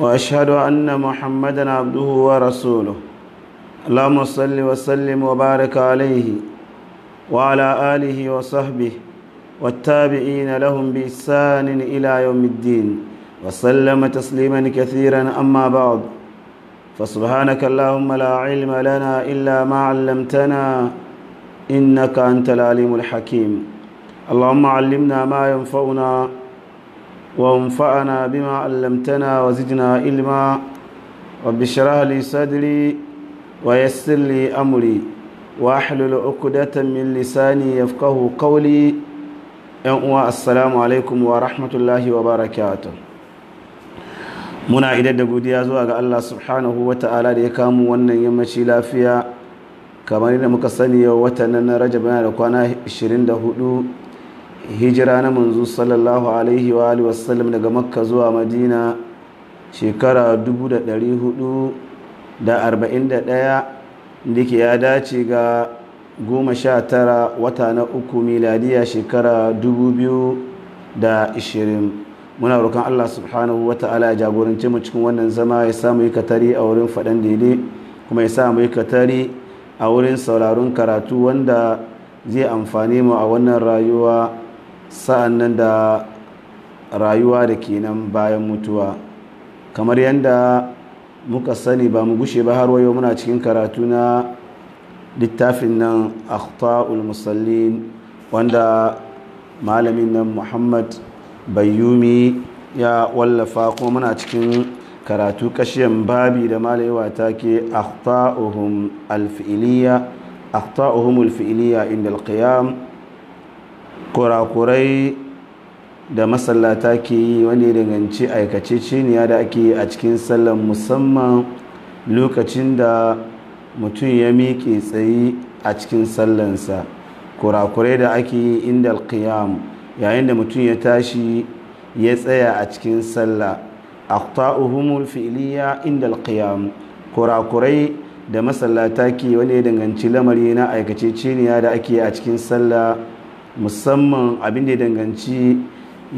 وأشهد أن محمدا عبده ورسوله اللهم صل وسلم وبارك عليه وعلى آله وصحبه والتابعين لهم بإحسان إلى يوم الدين وسلم تسليما كثيرا أما بعد فسبحانك اللهم لا علم لنا إلا ما علمتنا إنك أنت العليم الحكيم اللهم علمنا ما ينفعنا وانفعنا بما علمتنا وزدنا علما رب اشرح لي صدري ويسر لي امري واحلل عقدة من لساني يفقه قولي السلام عليكم ورحمه الله وبركاته muna idan da godiya zuwa ga Allah subhanahu wa ta'ala da ya kama wannan yammaci lafiya kamar yadda muka sani yau wata nan na Rajab yana da kwana 24 hijira na manzo sallallahu alaihi wa alihi wasallam daga makka zuwa madina shekara 441 da ke ya dace ga 19 wata na uku miladiya shekara 2020 muna roƙon allah subhanahu wa ta'ala ya jagorance mu cikin wannan zama ya samu yi katari a wurin faɗan daidai kuma ya samu yi katari a wurin sauraron karatu wanda zai amfani mu a wannan rayuwa sa'an nan da rayuwa da kenan bayan mutuwa kamar yadda muka sani ba mu gushe ba har wayo muna cikin karatu na littafin nan akhtaul musallin wanda malamin nan muhammad bayyumi ya wallafa kuma muna cikin karatu kashiyan babi da malaiwa ta ke akhta'uhum alfi'iliya akhta'uhum inda alkiyam kurakurai da masallata ke yi wani danganci aikace ciniya da ake yi a cikin sallan musamman lokacin da mutum ya miƙe tsaye a cikin sallansa kurakurai da ake yi inda alkiyam yayin da mutum ya tashi ya tsaya a cikin sallah ta'uhumul fi'liya inda alkiyam kurakurai da masallata ke wani danganci lamari na aikace ciniya da ake a cikin sallah musamman abin da ya danganci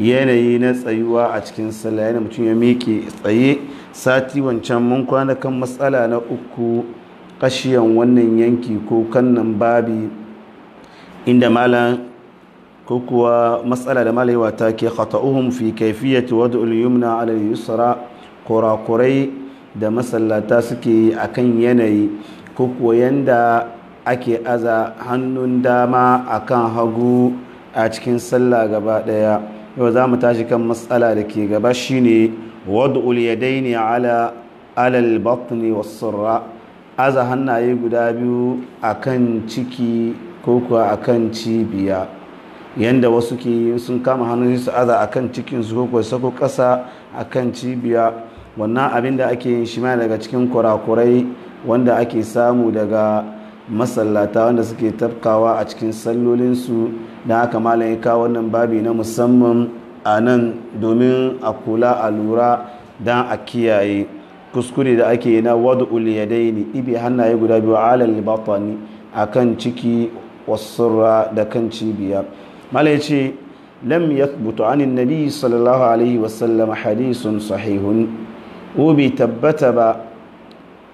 yanayi na tsayuwa a cikin sallah yana mutum ya miƙe tsaye sati wancan mun kwana kan matsala na uku kashiyan wannan yanki ko kannan babi inda malam ko kuwa matsala da malaiwa ta ke khata'uhum fi kaifiyati wad'ul yumna 'ala al-yusra kurakurai da masallata suke akan yanayi ko kuwa yanda ake aza hannun dama akan hagu a cikin sallah gaba daya yau za mu tashi kan matsala da ke gaba shine wad'ul yadaini ala alal batni was sirra aza hannaye guda biyu akan ciki ko kuwa akan cibiya yanda wasu ke sun kama hannun su aza akan cikin su ko kuwa sako kasa akan cibiya wannan abin da ake yin shi daga cikin kurakurai wanda ake samu daga masallata wanda suke tafkawa a cikin sallolinsu da haka malam kawo wannan babi na musamman a nan domin a kula a lura don a kiyaye kuskure da ake na wadu uliyadaini ibe hannaye guda biyu alal batani a kan ciki wasurra da kan cibiya malam ce lam yakbutu anin nabi sallallahu alaihi wasallam hadisun sahihun ubi tabbata ba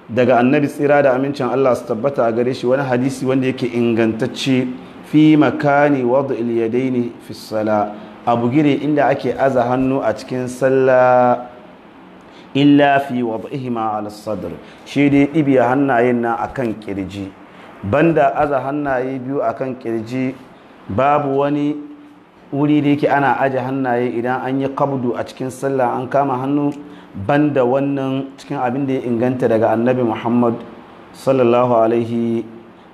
daga annabi tsira da amincin Allah su tabbata a gare shi wani hadisi wanda yake ingantacce fi makani wadda ne fi sala a bugire inda ake aza hannu a cikin sallah illa fi ihima ala sadr shi dai ibiya hannayen na a kan kirji banda aza hannaye biyu a kan kirji babu wani wuri da yake ana aje hannaye idan an yi kabdu a cikin sallah an kama hannu banda wannan cikin abin da ya inganta daga annabi muhammad sallallahu alaihi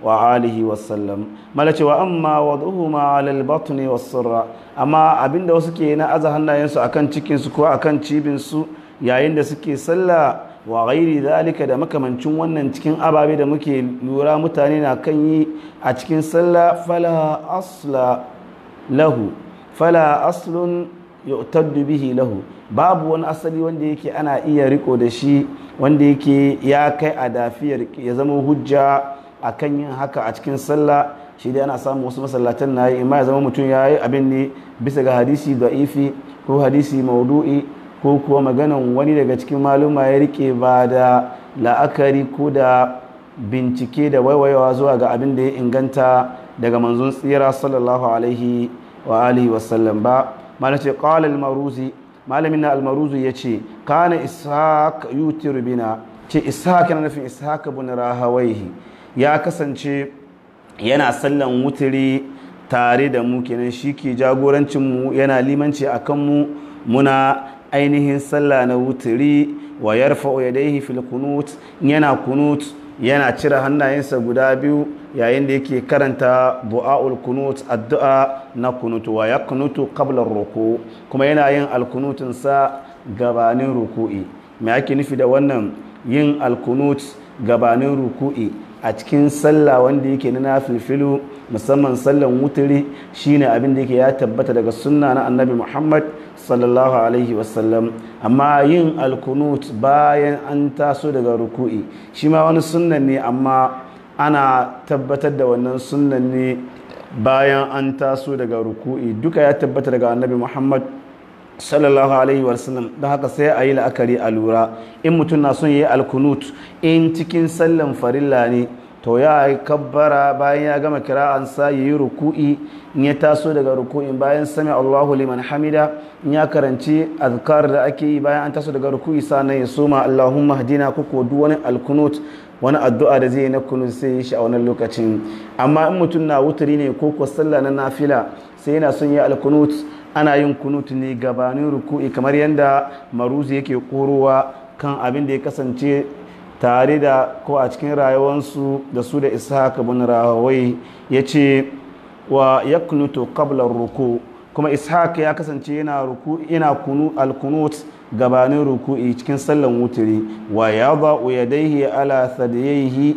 wa alihi wasallam mala cewa amma wad'uhuma ala al-batni was-sirra amma abinda wasu ke na aza hannayensu akan cikin su ko akan cibin su yayin da suke sallah wa ghairi zalika da makamancin wannan cikin ababe da muke lura mutane na kan yi a cikin sallah fala asla lahu fala aslun yu'taddu bihi lahu babu wani asali wanda yake ana iya riko da shi wanda yake ya kai a dafiyar ya zama hujja akan yin haka a cikin sallah shi dai ana samun wasu masallatan na yi ima ya zama mutum ya yi abin ne bisa ga hadisi da'ifi ko hadisi maudu'i ko kuwa maganan wani daga cikin maluma ya rike ba da la'akari ko da bincike da waiwayawa zuwa ga abin da ya inganta daga manzon tsira sallallahu alaihi wa alihi wasallam ba mala ce qala al-maruzi malamin na al-maruzi yace kana ishaq yutir bina ce ishaq yana nufin ishaq ibn rahawaihi ya kasance yana sallan wutiri tare da mu kenan Shike ke jagorancin yana limanci akan mu muna ainihin salla na wutiri wa yarfa yadayhi fil kunut yana kunut yana cire hannayensa guda biyu yayin da yake karanta bu'a'ul kunut addu'a na kunutu wa yaknutu qabla ruku kuma yana yin alkunutun sa gabanin ruku'i me ake nufi da wannan yin alkunut gabanin ruku'i a cikin sallah wanda yake na nafilfilu musamman sallan wuturi shine abin da yake ya tabbata daga sunna na annabi Muhammad sallallahu alaihi wasallam amma yin alkunut bayan an taso daga ruku'i shi ma wani sunna ne amma ana tabbatar da wannan sunan ne bayan an taso daga ruku'i duka ya tabbata daga annabi muhammad sallallahu alaihi wasallam don haka sai a yi la'akari a lura in mutum na son yi alkunut in cikin sallan farilla ne to ya yi kabbara bayan ya gama kira an ya yi ruku'i in ya taso daga ruku'in bayan sami allahu liman hamida in ya karanci azkar da ake yi bayan an taso daga ruku'i na ya suma allahumma hadina kuko duk wani alkunut wani addu'a da zai yi na kunu sai shi a wannan lokacin amma in mutum na wuturi ne ko ko na nafila sai yana son yi alkunut ana yin kunut ne gabanin ruku'i kamar yadda maruzi yake korowa kan abin da ya kasance tare da ko a cikin rayuwarsu da su da ishaka bin rahawai ce wa yaknutu kablar ruku kuma ishaq ya kasance yana ruku alkunut gabanin ruku'i cikin sallan wuturi wa ya uya yadaihi ala sadiyaihi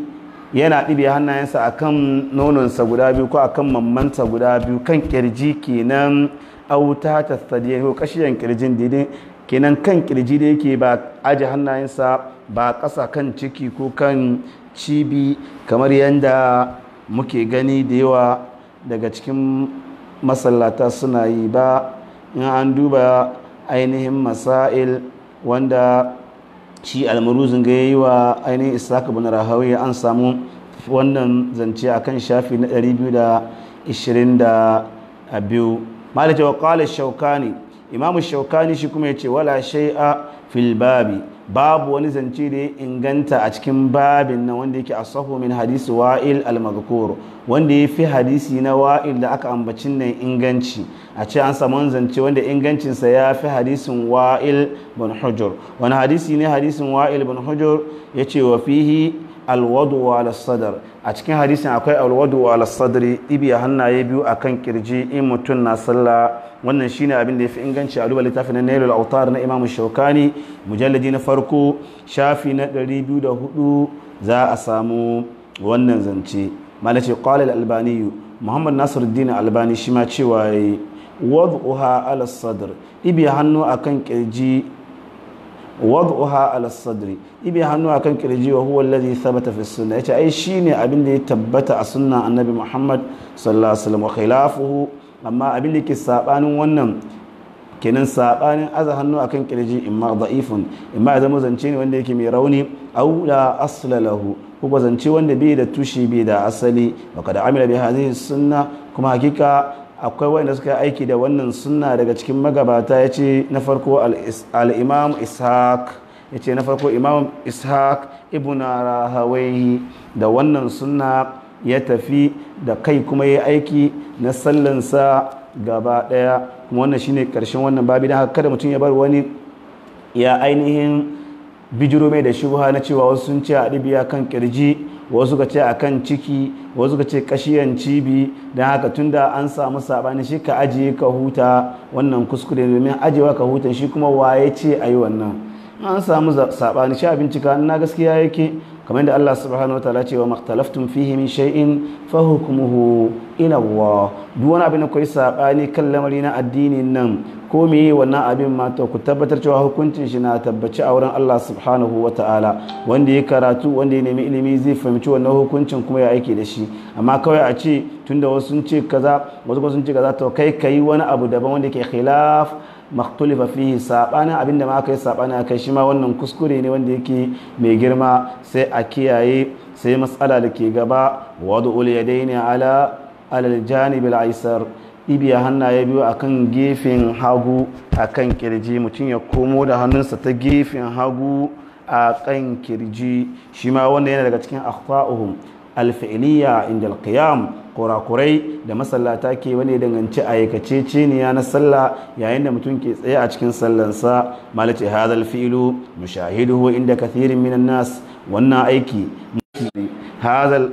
yana ɗibe hannayensa akan nononsa guda biyu ko akan mammanta guda biyu kan kirji kenan auta ta sadiyaihi ko kashiyan kirjin dide kenan kan kirji da yake ba aji hannayensa ba ƙasa kan ciki ko kan cibi kamar yadda muke gani da yawa daga cikin masallata suna yi ba in an duba ainihin masail wanda shi almaruzin ga yi wa ainihin isaka bin rahawi an samu wannan zance akan shafi na 222 malaka wa qala shaukani imamu shaukani shi kuma yace wala shay'a fil babi babu wani zance da ya inganta a cikin babin na wanda yake a min hadisi wa'il al-mazkur wanda ya fi hadisi na wa'il da aka ambacin nan inganci a ce an samu zance wanda ingancinsa ya fi hadisin wa'il bin hujur wani hadisi ne hadisin wa'il bin hujur ya ce wa fihi alwadu wa sadar a cikin hadisin akwai alwadu ala sadri ibiya hannaye biyu a kan kirji in mutum na sallah wannan shi ne abin da fi inganci a duba littafin na Nailul Autar na Imam Shaukani mujalladi na farko shafi na 204 za a samu wannan zance malace qala al-albani Muhammad Nasiruddin Albani shi ma cewa wad'uha ala alasadar ibiya hannu a kan kirji wad'uha ala sadri ibe hannu akan kirji wa huwa alladhi thabata fi sunnah yace ai shine abin da ya tabbata a sunnan annabi Muhammad sallallahu alaihi wasallam wa khilafuhu amma abin da ke sabanin wannan aza hannu akan kirji imma da'ifun imma ya zama zance ne wanda yake mai rauni aw la asla lahu ko zance wanda bai da tushe bai da asali wa kada amila bi hadhihi sunna kuma hakika akwai wanda suka aiki da wannan sunna daga cikin magabata ya ce na farko al'imam ishaq ya ce na farko imam ishaq ibn rahawai da wannan sunna ya tafi da kai kuma ya aiki na sallansa gaba daya kuma wannan shine karshen wannan babi don haka kada mutum ya bar wani ya ainihin bijiro mai da shubha na cewa wasu sun ce a kan kirji wasu ka ce a kan ciki wasu ka ce kashiyan cibi don haka tun da an samu sabani shi ka ajiye ka huta wannan kuskure domin ajiyewa ka huta shi kuma waye ce a yi wannan an samu sabani shi bincika na gaskiya yake kamar yadda Allah subhanahu ta'ala ce wa maktalaftun fihi min shay'in fa hukmuhu ila Allah duk wani abin da kai sabani kan lamari na addinin nan ko me wannan abin ma to ku tabbatar cewa hukuncin shi na tabbaci a wurin Allah subhanahu ta'ala wanda ya karatu wanda ya nemi ilimi zai fahimci wannan hukuncin kuma ya aiki da shi amma kawai a ce tunda wasu sun ce kaza wasu sun ce kaza to kai kai wani abu daban wanda ke khilaf maktulifa fihi sabanin abinda ma aka yi saɓani a shi ma wannan kuskure ne wanda yake mai girma sai a kiyaye sai matsala da ke gaba wadu ul yadaini ala alal janib al aysar ibiya hannaye biyu akan gefen hagu akan kirji mutum ya komo da hannunsa ta gefen hagu a kan kirji shi ma wanda yana daga cikin akhta'uhum alfi'iliya inda alqiyam kurakurai da masallata ke wani danganci aikace ya na sallah yayin da mutum ke tsaye a cikin sallansa malace hadal fi'lu mushahiduhu inda kathirin minan nas wannan aiki hadal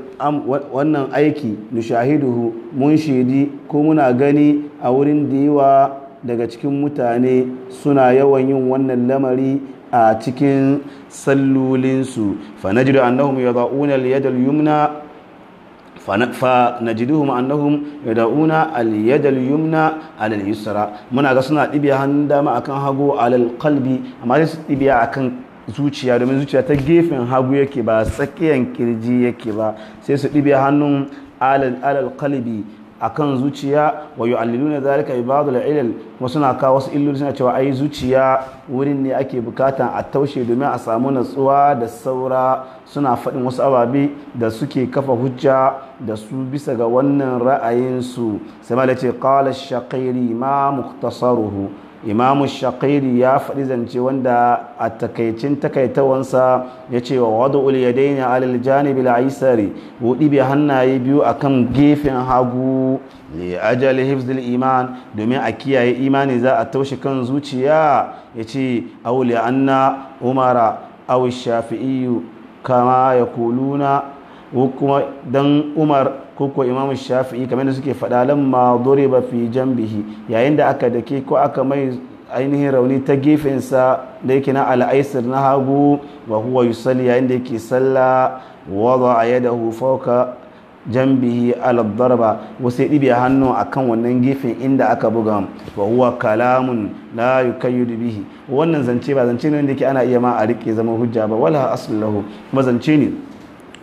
wannan aiki nushahiduhu mun shidi ko muna gani a wurin da daga cikin mutane suna yawan yin wannan lamari a cikin sallolinsu fa najidu annahum yada'una al-yad yumna fanajiduhum annahum yad'una al-yad yumna ala yusra muna ga suna ɗibiya hannun dama a kan hagu alal qalbi amma sai su a kan zuciya domin zuciya ta gefen hagu yake ba tsakiyan kirji yake ba sai su ɗibiya hannun alal kalbi akan zuciya wa yu'alliluna zalika bi ba'd al-ilal wasu na kawo wasu illoli suna cewa ai zuciya wurin ne ake bukata a taushe domin a samu natsuwa da saura suna faɗin wasu ababe da suke kafa hujja da su bisa ga wannan ra'ayin su sai ma da ce shaqiri ma muktasaruhu imamu shaqiri ya faɗi zance wanda a takaicin takaitawansa ya ce wa wadda daina alil janibi janibil aisari buɗi bai hannaye biyu a kan gefen hagu li ajal hifzil iman domin a kiyaye imani za a taushe kan zuciya ya ce auli anna umara aw shafi'iyu kama ya kuluna ko kuma dan umar ko ko imam shafi'i kamar da suke faɗa lamma duriba fi jambihi yayin da aka dake ko aka mai ainihin rauni ta sa da yake na al'aisir na hagu wa huwa yusalli yayin da yake sallah wada a yadahu fauka jambihi al-darba wasu ɗibe hannu akan wannan gefen inda aka buga wa huwa kalamun la bihi wannan zance ba zance ne wanda yake ana iya ma a rike zama hujja ba wala aslahu kuma zance ne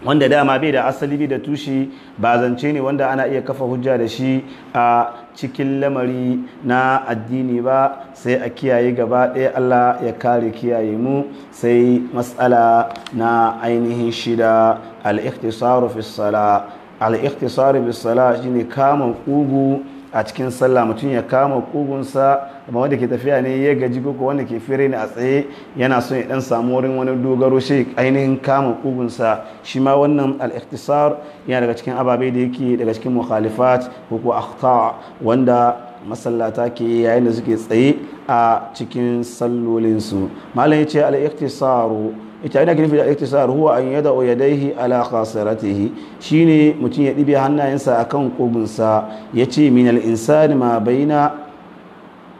wanda dama bai da asali bai da tushe ba zance ne wanda ana iya kafa hujja da shi a cikin lamari na addini ba sai a kiyaye gaba ɗaya Allah ya kare kiyaye mu sai matsala na ainihin shida al-ikhtisaru fi sala al-ikhtisaru fi sala shine kama ƙugu a cikin sallah mutum ya kama kugunsa amma wanda ke tafiya ne ya gaji ko wanda ke fere ne a tsaye yana son ya dan samu wurin wani dogaro shi ainihin kama kugunsa shi ma wannan al yana daga cikin ababe da yake daga cikin mukhalifat ko ko wanda masallata ke yayin da suke tsaye a cikin sallolinsu malam yace ce al-ikhtisaru ita ina girfi da iktisar huwa an yada o yadaihi ala khasiratihi shine mutum ya ɗibe hannayensa akan kugunsa ya ce minal-insa insani ma baina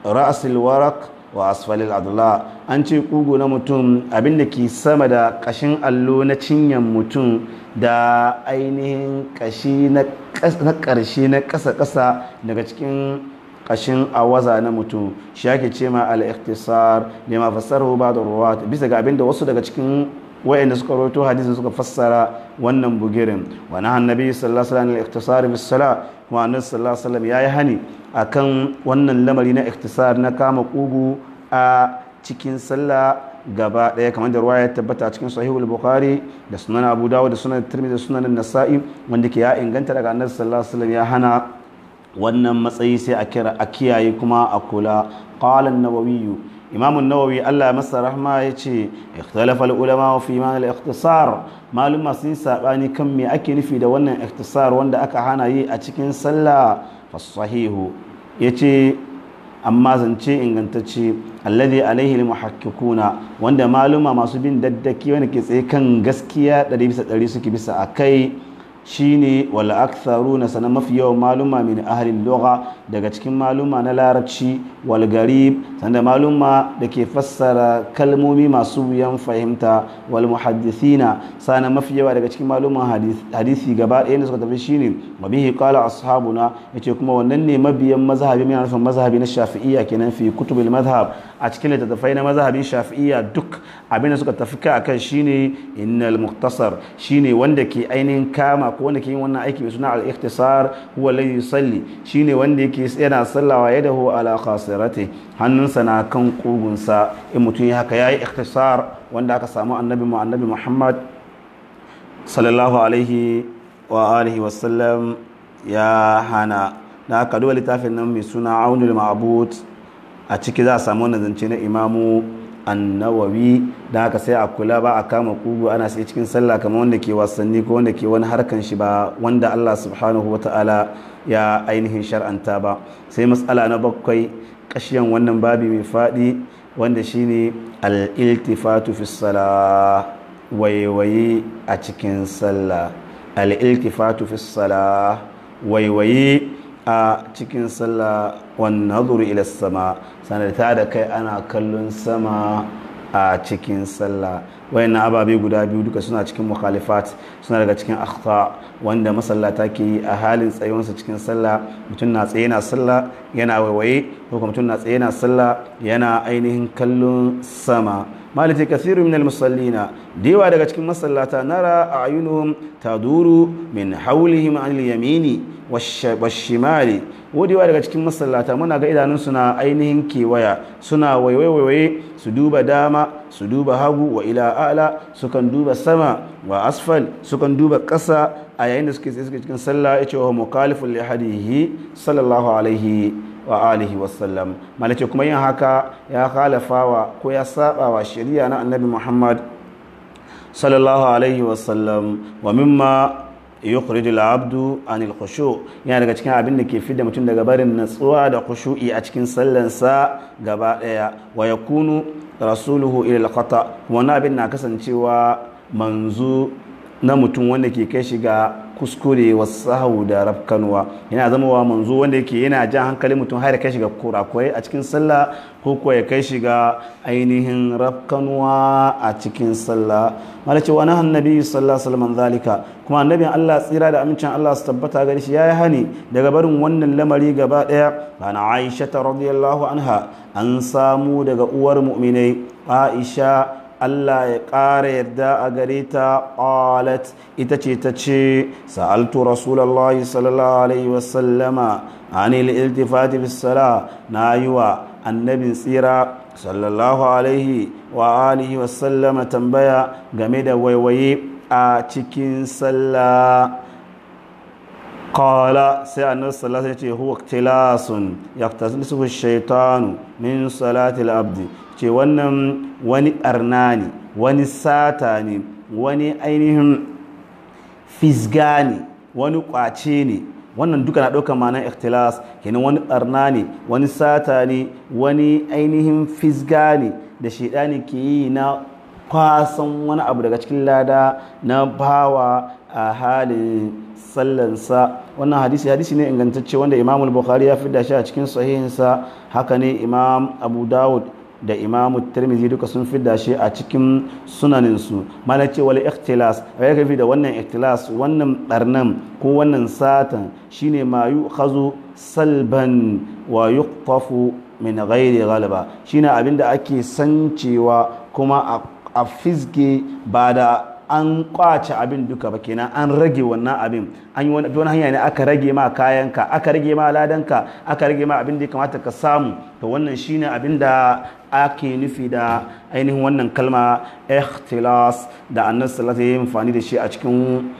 ra'asil warak wa asfalil adla an ce kugu na mutum abinda ke sama da ƙashin allo na cinyan mutum da ainihin kashi na ƙarshe na ƙasa-ƙasa daga cikin kashin awaza na mutum shi ake ce ma al-ikhtisar ne ma fassarar ba da ruwa bisa ga abinda wasu daga cikin wa'anda suka roto hadisin suka fassara wannan bugirin Wani na annabi sallallahu alaihi wasallam al-ikhtisar bis sala wa annabi sallallahu alaihi wasallam yayi hani akan wannan lamari na ikhtisar na kama kugu a cikin sallah gaba ɗaya kamar da ruwa ya tabbata a cikin sahihul bukhari da sunan abu dawud da sunan tirmidhi da sunan nasa'i wanda ke ya inganta daga annabi sallallahu alaihi wasallam ya hana wannan matsayi sai a kira a kiyaye kuma a kula qala an-nawawi nawawi Allah masa rahma yace ikhtalafa al-ulama fi ma ikhtisar maluma sun saɓani kan me ake nufi da wannan ikhtisar wanda aka hana yi a cikin sallah fasahihu yace amma zance ingantacce alladhi alaihi almuhakkikuna wanda maluma masu bin daddaki wanda ke tsaye kan gaskiya 100 bisa 100 suke bisa kai. shine wal na sana mafi yawan maluma min ahalin lugha daga cikin maluma na larabci wal garib sanda maluma da ke fassara kalmomi masu wuyan fahimta wal muhaddithina sana mafi yawa daga cikin maluman hadisi gaba ɗaya da suka tafi shine kala bihi qala ya ce kuma wannan ne mabiyan mazhabi mai nufin mazhabi na shafi'iyya kenan fi kutubil madhhab a cikin littattafai na mazhabin shafi'iyya duk abin da suka tafi ka akan shine innal muktasar shine wanda ke ainihin kama ko wanda ke yin wannan aiki mai suna al-ikhtisar huwa alladhi yusalli shine wanda yake yana sallawa yadahu ala qasirati hannunsa na kan kugunsa in mutum ya haka yayi ikhtisar wanda aka samu annabi mu annabi Muhammad sallallahu alaihi wa alihi wasallam ya hana Na aka duba littafin nan mai suna aunul ma'bud a ciki za a samu wannan zance na imamu annawawi da haka sai a kula ba a kama kugu ana sai cikin sallah kamar wanda ke wasanni ko wanda ke wani harkan shi ba wanda Allah subhanahu wa ta'ala ya ainihin shar'anta ba sai matsala na bakwai kashiyan wannan babi mai faɗi wanda shine al fi salah waiwaye a cikin sallah al-iltifatu fi salah waiwaye a cikin sallah wannan nadhuru ila sama sanata da kai ana kallon sama a cikin sallah wayannan ababe guda biyu duka suna cikin mukhalifat suna daga cikin akhta wanda masallata ke yi a halin tsayuwansa cikin sallah mutum na tsaye na sallah yana waiwaye ko mutum na tsaye na sallah yana ainihin kallon sama malati kathiru min al-musallina dewa daga cikin masallata nara ayunuhum taduru min hawlihim an al-yamini wash-shimali dewa daga cikin masallata muna ga idanun suna ainihin kewaya suna waiwaiwaye su duba dama su duba hagu wa ila a'la su kan duba sama wa asfal kan duba ƙasa a yayin da suke cikin sallah ya ce wa mukalifu li hadihi sallallahu alaihi wa alihi wasallam ce kuma yin haka ya khalafawa ko ya wa shari'a na annabi muhammad sallallahu alaihi wasallam wa mimma yukhrijul abdu anil khushu yana daga cikin abin da ke da mutum daga barin natsuwa da khushu'i a cikin sallansa gaba daya wa yakunu rasuluhu ila al-khata abin na kasancewa manzo na mutum wanda ke kai shiga. kuskure wa sahu da rafkanuwa yana zama wa manzo wanda yake yana jan hankali mutum har kai shiga kurakurai a cikin sallah ko kuwa ya kai shiga ainihin rafkanuwa a cikin sallah mala cewa na annabi sallallahu alaihi zalika kuma annabi Allah tsira da amincin Allah su tabbata gare shi yayi hani daga barin wannan lamari gaba daya bana Aisha radiyallahu anha an samu daga uwar mu'minai Aisha Allah ya ƙara yadda a gare ta qalat ita ce ta ce sa'altu rasulullahi sallallahu alaihi wasallama anil iltifati na yi wa annabin tsira sallallahu alaihi wa alihi wasallama tambaya game da waiwaye a cikin sallah قال سأن الصلاة التي هو اقتلاس يقتلسه الشيطان من صلاة العبد ce wannan wani ɓarna ne wani sata ne wani ainihin fisga ne wani kwace ne wannan duka na ɗaukar ma'anar ikhtilas kenan wani ɓarna ne wani sata ne wani ainihin fisga ne da shaidani ke yi na kwasan wani abu daga cikin lada na bawa a halin sallansa wannan hadisi hadisi ne ingantacce wanda imamul bukhari ya fi da shi a cikin sahihinsa haka ne imam abu dawud da imamu tirmizi duka sun fidda shi a cikin sunaninsu mana ce wal ikhtilas ya kafi da wannan ikhtilas wannan barnan ko wannan satan shine ma yu'khazu salban wa yuqtafu min ghairi shi shine abinda ake sancewa kuma a fizge ba da an kwace abin duka ba kenan an rage wannan abin an yi wani hanya ne aka rage ma kayanka aka rage ma ladanka aka rage ma abin da ya kamata ka samu to wannan shine abin da ake nufi da ainihin wannan kalma ikhtilas da annabi ya yi amfani da shi a cikin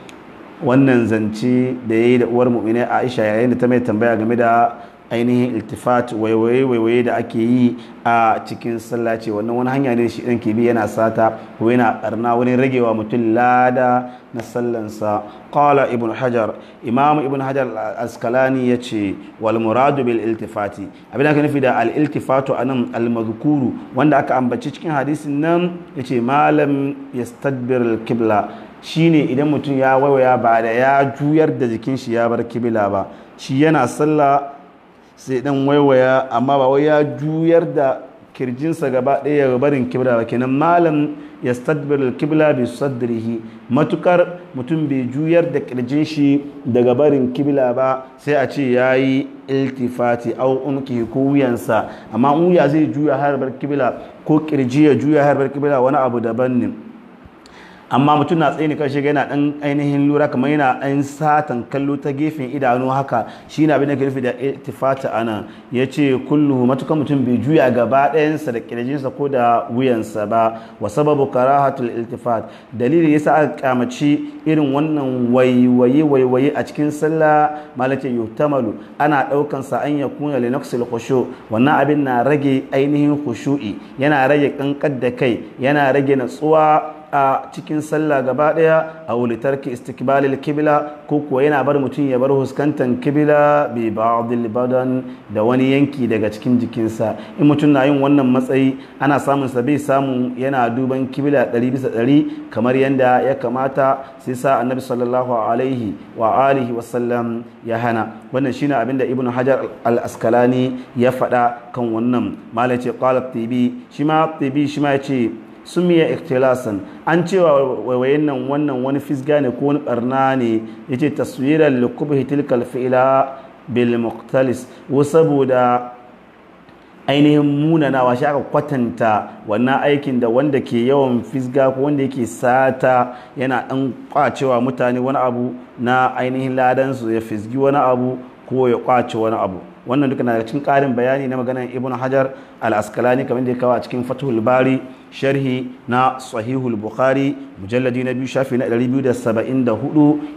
wannan zance da yayi da uwar mu'mina Aisha yayin da ta mai tambaya game da ainihin iltifat waiwaye da ake yi a cikin sallah ce wannan wani hanya ne shi ɗan kibi yana sata Wai na ƙarna wani ragewa mutum lada na sallansa ƙala ibn hajar imam ibn hajar askalani ya ce wal muradu bil iltifati abin da aka nufi da al a nan al mazkuru wanda aka ambaci cikin hadisin nan ya yace malam yastadbir al Shi shine idan mutum ya waiwaya ba da ya juyar da jikin shi ya bar Kibla ba shi yana sallah sai dan waiwaya amma ba wai ya juyar da kirjinsa gaba ɗaya ga barin kibla ba kenan malam ya stadbir kibla bi sadrihi matukar mutum bai juyar da kirjin shi daga barin kibla ba sai a ce yayi iltifati au unki ko wuyansa amma wuya zai juya harbar kibla ko kirji ya juya harbar kibla wani abu daban ne amma mutum na tsaye ne kan shiga yana ɗan ainihin lura kamar yana ɗan satan kallo ta gefen idanu haka shi na abin da ke nufi da itifata ana ya ce kullu matukan mutum bai juya gaba ɗayansa da kirjinsa ko da wuyansa ba wa sababu karahatul iltifat dalilin sa aka kamaci irin wannan waiwaye waiwaye a cikin sallah malaka yutamalu ana ɗaukan sa an kuna linaqsil kusho wannan abin na rage ainihin kushu'i yana rage kankan da kai yana rage natsuwa a cikin sallah gaba daya a ki istikbalil kibla ko kuwa yana bar mutum ya bar huskantan kibla bi ba'dil badan da wani yanki daga cikin jikinsa in mutum na yin wannan matsayi ana samun sa bai samu yana duban kibla 100 bisa dari. kamar yanda ya kamata sai sa annabi sallallahu alaihi wa alihi wasallam ya hana wannan shine abin da ibnu hajar al-askalani ya faɗa kan wannan malace qala tibi shima tibi shima ya yace sumiya ikhtilasan an cewa waiwayen nan wannan wani fisga ne ko wani barna ne yace taswirar likubhi tilkal fi'la bil muqtalis wa saboda ainihin munana shi aka kwatanta wannan aikin da wanda ke yawan fisga ko wanda yake sata yana dan kwacewa mutane wani abu na ainihin ladansu ya fisgi wani abu ko ya kwace wani abu wannan duka na cikin karin bayani na maganar ibn hajar al-askalani kamar da ya kawo a cikin fathul bari sharhi na sahihul bukhari mujalladi na biyu shafi na 274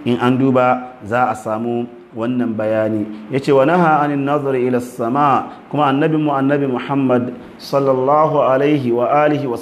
in an duba za a samu wannan bayani ya ce wa naha anin nazari ila sama kuma annabi mu annabi muhammad sallallahu alaihi wa alihi wa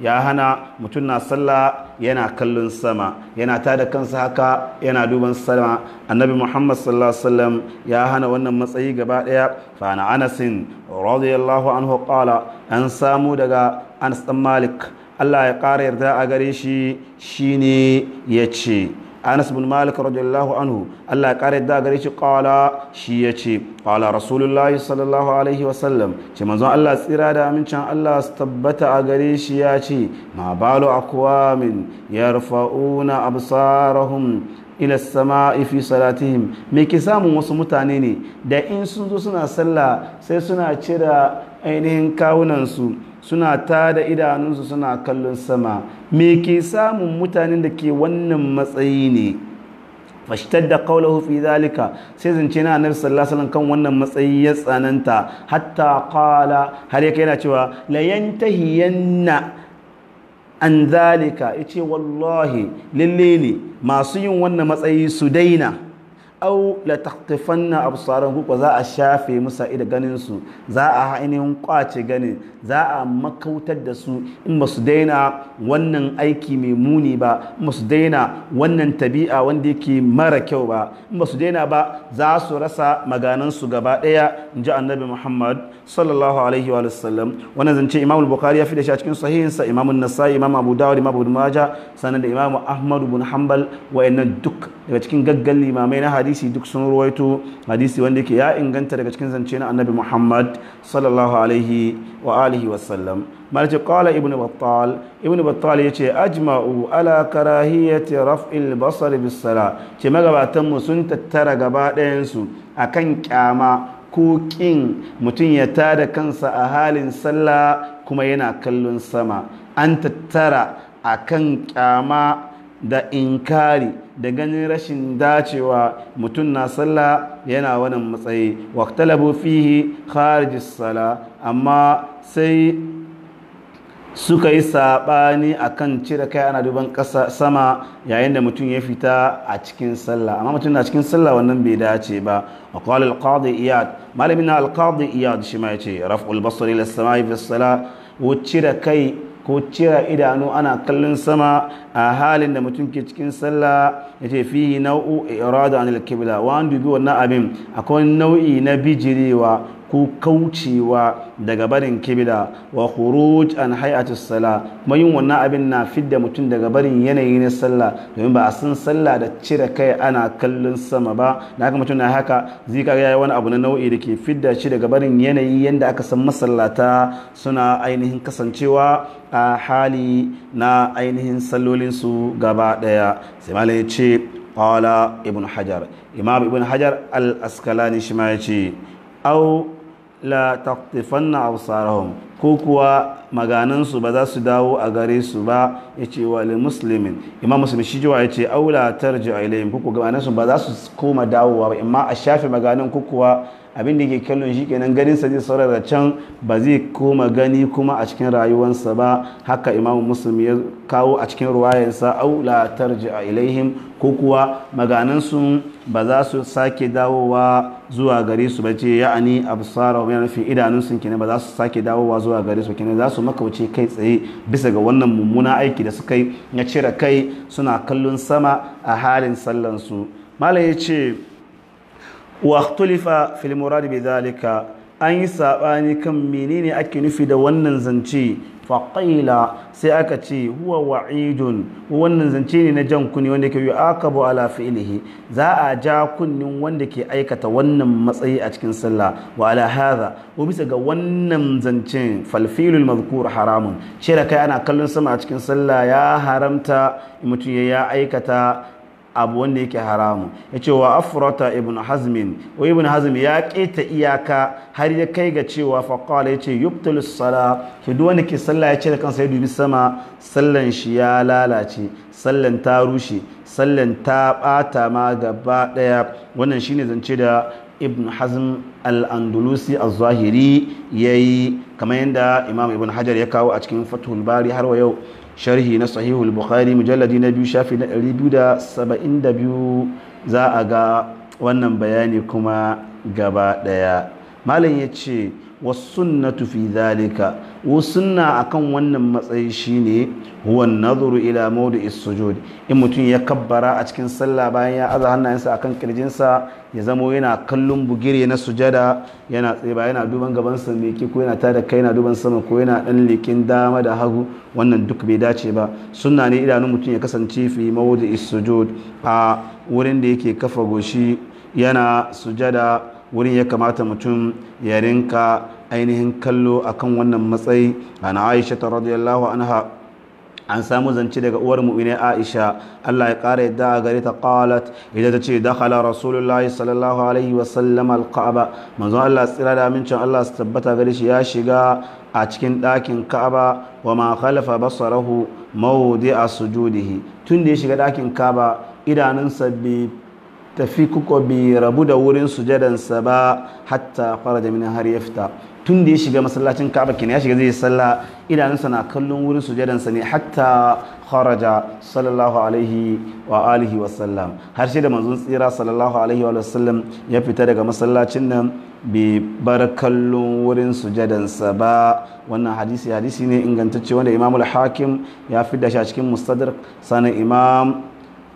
ya hana mutum na sallah yana kallon sama yana ta da kansa haka yana duban sama annabi muhammad sallallahu alaihi wasallam ya hana wannan matsayi gaba daya fa na anasin radiyallahu anhu qala an samu daga anas dan malik Allah ya ƙara yarda a gare shi shine ya ce anas bin malik radiyallahu anhu Allah ya kare da gare shi qala shi yace qala rasulullahi sallallahu alaihi wasallam ce manzon Allah tsira da amincin Allah su tabbata a gare shi ya ce ma balu aqwamin yarfa'una absarahum ila sama'i fi salatihim me ke samun wasu mutane ne da in sun zo suna sallah sai suna cira ainihin kawunansu suna ta da idanunsu suna kallon sama me ke samun mutanen da ke wannan matsayi ne fashtar da kaulahu fi zalika sai zance na annabi sallallahu alaihi kan wannan matsayi ya tsananta hatta qala har yake yana cewa la yantahiyanna an zalika yace wallahi lalle ne masu yin wannan matsayi su daina au la taqtifanna absaran ku za a shafe musa ida ganin su za a ainihin kwace ganin za a makautar da su in ba su daina wannan aiki mai muni ba in ba su daina wannan tabi'a wanda yake mara kyau ba in ba su daina ba za su rasa maganan su gaba daya in ji annabi muhammad sallallahu alaihi wa sallam wannan zance imam bukhari ya fi da shi a cikin sahihinsa imam nasai imam abu dawud imam abu maja da imam ahmad bin hanbal wayannan duk daga cikin gaggan limamai na hadisi hadisi duk sun ruwaito hadisi wanda yake ya inganta daga cikin zance na annabi muhammad sallallahu alaihi wa alihi wasallam malci qala ibn battal ibn battal yace ajma'u ala karahiyati raf'il basar bisara ce magabatanmu mu sun tattara gaba ɗayansu a kan kyama ko kin mutum ya ta da kansa a halin sallah kuma yana kallon sama an tattara kan kyama da inkari da ganin rashin dacewa mutum na sallah yana wani matsayi waktalabu fihi kharijis sala amma sai suka yi saɓani a kan cire kai ana duban ƙasa sama yayin da mutum ya fita a cikin sallah amma mutum na cikin sallah wannan bai dace ba a kwalar alƙadi iyad malamin na alƙadi iyad shi ma ya ce raf'ul basari lasama'i fi sala wuce da kai ko cira idanu ana kallon sama a halin da mutum ke cikin sallah ya ce fi nau'u irada anil kibla wa an dubi wannan abin akwai nau'i na bijirewa ko kaucewa daga barin Kibila wa khuruj an hay'ati sala kuma yin wannan abin na fidda mutum daga barin yanayi na sallah domin ba a san sallah da cire kai ana kallon sama ba da haka mutum na haka zai ka ga wani abu na nau'i da ke fidda shi daga barin yanayi yanda aka san masallata suna ainihin kasancewa a hali na ainihin sallolin su gaba daya sai malai ce qala ibn hajar imam ibn hajar al asqalani shi ma ya ce لا تقطفن أبصارهم ko kuwa maganansu ba za su dawo a gare su ba ya ce wa muslimin imam musulmi shi jiwa ya ce aula tarji a ilayin kuku gabanansu ba za su koma dawowa ba imma a shafe maganin kukuwa abin da ke kallon shi kenan ganin sa zai saurara can ba zai koma gani kuma a cikin rayuwarsa ba haka imam musulmi ya kawo a cikin ruwayansa aula tarji a ilayhim ko kuwa maganansu ba za su sake dawowa zuwa gare su ba ce ya'ani absara wa mai nufin idanunsu kenan ba za su sake dawowa zuwa gare su kenan za su makauce kai tsaye bisa ga wannan mummuna aiki da suka yi na cire kai suna kallon sama a halin sallansu malam ya ce wa ikhtulifa fil murad bi dhalika an yi saɓani kan menene ake nufi da wannan zance faƙaila sai aka ce huwa wa'idun wannan zance ne na jan kunne wanda ke yi akabu ala fi'ilihi za a ja kunnin wanda ke aikata wannan matsayi a cikin sallah wa ala hadha wa bisa ga wannan zancen falfilul mazkur haramun cire kai ana kallon sama a cikin sallah ya haramta mutum ya aikata abu wanda yake haramu ya ce wa afrata ibn hazmin wa ibn hazm ya keta iyaka har ya kai ga cewa faƙwala ya ce yubtul sala ki duk wanda ke sallah ya ce da kansa ya dubi sama sallan shi ya lalace sallan ta rushe sallan ta ɓata ma gaba ɗaya wannan shine zance da ibn hazm al-andalusi al-zahiri yayi kamar yadda imam ibn hajar ya kawo a cikin fathul bari har wa yau sharhi na sahihul bukhari mujalladi na biyu shafi na 272 za a ga wannan bayani kuma gaba daya malam ya ce wasunnatu fi dhalika a akan wannan matsayi shine huwa nazuru ila mawdi'is sujud in mutum ya kabbara a cikin sallah bayan ya aza hannayensa akan kirjinsa ya zamo yana kallon bugire na sujada yana tseba yana duban gabansa mai ke ko yana tada kai yana duban sama ko yana dan likin dama da hagu wannan duk bai dace ba sunna ne idanun mutum ya kasance fi mawdi'is sujud a wurin da yake kafa goshi yana sujada wurin ya kamata mutum ya rinka ainihin kallo akan wannan matsayi ana aisha ta radiyallahu anha an samu zance daga uwar mu'mini Aisha Allah ya kara yadda a gare ta qalat idan ta ce dakhala rasulullahi sallallahu alaihi wa sallam alka'aba manzon Allah tsira da amincin Allah su tabbata gare shi ya shiga a cikin ɗakin Ka'aba wa ma khalafa basarahu mawdi'a sujudihi tun da ya shiga ɗakin Ka'aba idanunsa bai tafi kuka bi rabu da wurin sujadansa ba hatta faraja min har ya fita tun da ya shiga masallacin Ka'aba kenan ya shiga zai sallah idanunsa na kallon wurin sujadansa ne hatta kharaja sallallahu alaihi wa alihi wa sallam har sai da manzon tsira sallallahu alaihi wa sallam ya fita daga masallacin nan bai bar kallon wurin sujadansa ba wannan hadisi hadisi ne ingantacce wanda Imam al hakim ya fi da shi a cikin mustadrak sanan imam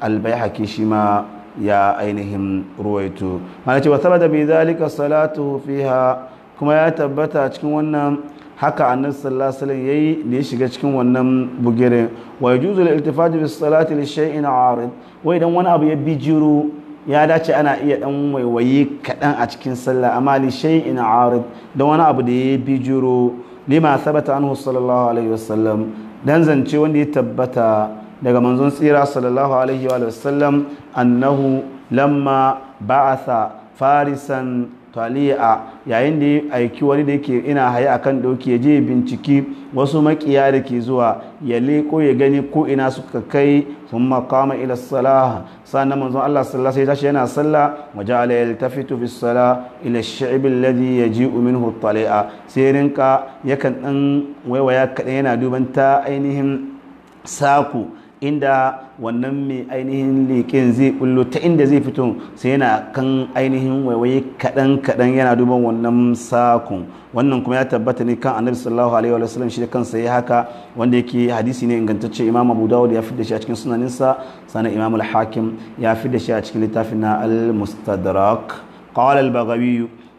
al-baihaqi shi ma ya ainihin ruwaito mana cewa saboda bi zalika salatu fiha kuma ya tabbata cikin wannan haka annabi sallallahu alaihi wasallam yayi ya shiga cikin wannan bugirin wa yajuzu al-iltifat bi salati li shay'in arid wai dan wani abu ya bi jiru ya dace ana iya dan waiwaye kadan a cikin sallah amma li shay'in arid dan wani abu da ya bijiro lima sabata anhu sallallahu alaihi wasallam dan zance wanda ya tabbata daga manzon tsira sallallahu alaihi wa sallam annahu lamma ba'asa farisan tali'a yayin da aiki wani da yake ina haye akan doki ya je binciki wasu makiya da ke zuwa ya leko ya gani ko ina suka kai sun makama ila salaha sannan manzon Allah sallallahu alaihi tashi yana sallah waje ala yaltafitu fi sala ila shi'ib alladhi yaji'u minhu taliya. sai rinka yakan dan waiwaya kadan yana duban ta ainihin saku inda wannan mai ainihin leƙen zai bullo ta inda zai fito sai yana kan ainihin waiwaye kaɗan kaɗan yana duban wannan sakon wannan kuma ya tabbata ne kan annabi sallallahu alaihi wa sallam shi da kansa ya haka wanda yake hadisi ne ingantacce imam abu dawud ya fidda shi a cikin sunaninsa sanan imam al-hakim ya da shi a cikin littafin na al-mustadrak qala al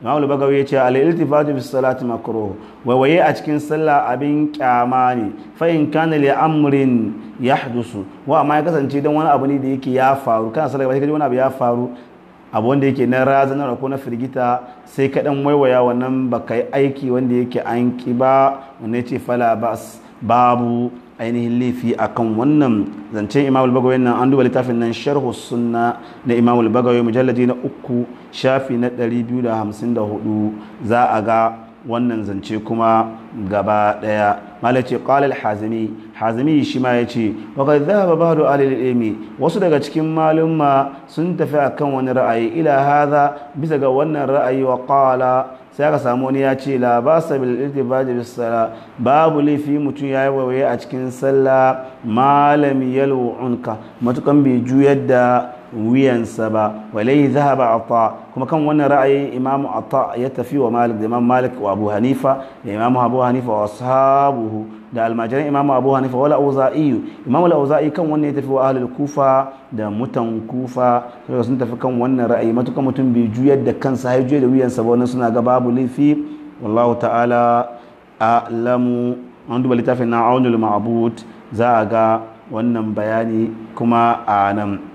bagawai ya ce a al-iltifatu bis salati makruh makaro a cikin sallah abin kyama ne fa in kana ya amrin yahdusu wa amma ya kasance don wani abu ne da yake ya faru kana sallah ba kaji wani abu ya faru abu wanda yake na razanar ko na firgita sai kaɗan dan waiwaya wannan baka yi aiki wanda yake an ki ba wanda ce fala bas babu ainihin laifi a kan wannan Zance imamul bagawai na. nan an duba littafin nan sharhu sunna na imamul bagawai Mujallaji mujalladi na uku shafi na 254 za a ga wannan zance kuma gaba daya malai ce qala shima hazimi hazimi shi ma ce waka za a ba'du da alilimi wasu daga cikin malumma sun tafi akan wani ra'ayi ila haza bisa ga wannan ra'ayi wa kwala sai aka samu wani ya ce labasa ba ba bis sala babu laifi mutum ya yi wawaye a cikin sallah malam yalwa unka matukan bai juyar da wuyansa ba walai zahaba ata kuma kan wannan ra'ayin imamu ata ya tafi wa malik da imam malik wa abu hanifa da imamu abu hanifa wa ashabuhu da almajiran imamu abu hanifa wala auza'i imamu al-auza'i kan wannan ya tafi wa ahlul kufa da mutan kufa sun tafi kan wannan ra'ayi matukan mutum bai juyar da kansa har juyar da wuyansa ba wannan suna ga babu laifi wallahu ta'ala a'lamu an duba littafin na ma'bud za a ga wannan bayani kuma a nan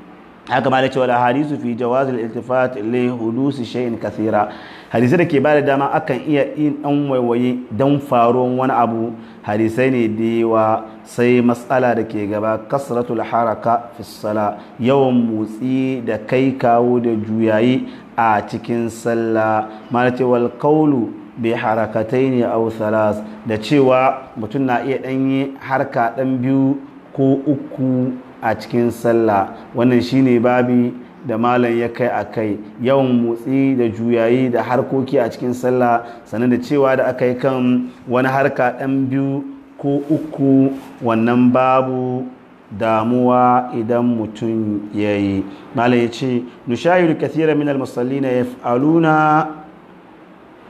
haka ma da cewa hadisu fi jawaz iltifat li hudusi shay'in kathira hadisai da ke bada dama akan iya yin dan waiwaye dan faruwan wani abu hadisai ne da yawa sai matsala da ke gaba kasratul haraka fi sala yawan motsi da kai kawo da juyayi a cikin sallah ma da cewa qawlu bi harakatai ne salas. da cewa mutum na iya ɗanyi harka dan biyu ko uku a cikin sallah wannan shine babi da malam ya kai a kai yawan motsi da juyayi da harkoki a cikin sallah sannan da cewa da aka yi kan wani harka ɗan biyu ko uku wannan babu damuwa idan mutum ya yi malam ya ce nushayiru kathira min almusalli na yaf'aluna